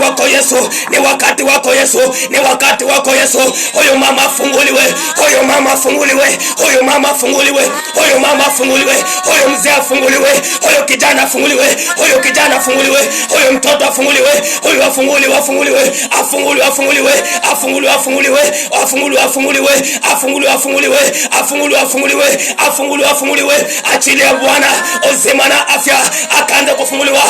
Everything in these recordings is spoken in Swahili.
wako Yesu, ni wakati wako Yesu, ni wakati wako Yesu. Huyo mama afunguliwe, huyo mama afunguliwe, huyo mama afunguliwe, huyo mama afunguliwe, huyo mzee afunguliwe, huyo kijana afunguliwe, huyo kijana afunguliwe, huyo mtoto afunguliwe, huyo afunguliwe, afunguliwe, afunguliwe, afunguliwe, afunguliwe, afunguliwe, afunguliwe, afunguliwe, afunguliwe, afunguliwe, afunguliwe, afunguliwe, afunguliwe, afunguliwe. Achilia Bwana uzima na afya, akaanza kufunguliwa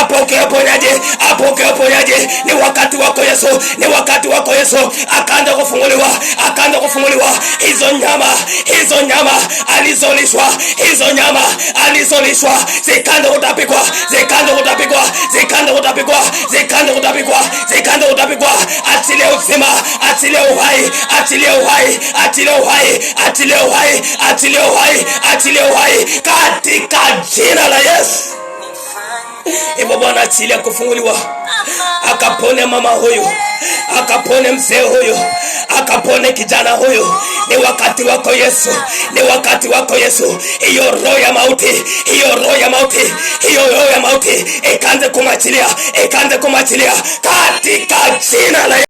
apokee uponyaji, apokee uponyaji. Ni wakati wako Yesu, ni wakati wako Yesu. Akaanza kufunguliwa, akaanza kufunguliwa hizo nyama, hizo nyama alizolishwa, hizo nyama alizolishwa zikaanza kutapikwa, zikaanza kutapikwa, zikaanza kutapikwa, zikaanza kutapikwa, zikaanza kutapikwa. Achilie uzima, achilie uhai, achilie uhai, achilie uhai, achilie uhai, achilie uhai, achilie uhai katika jina la Yesu. Hivyo Bwana, achilia kufunguliwa, akapone mama huyu, akapone mzee huyu, akapone kijana huyu. Ni wakati wako Yesu, ni wakati wako Yesu. Hiyo roho ya mauti, hiyo roho ya mauti, hiyo roho ya mauti ikanze kumachilia, ikanze kumachilia katika jina la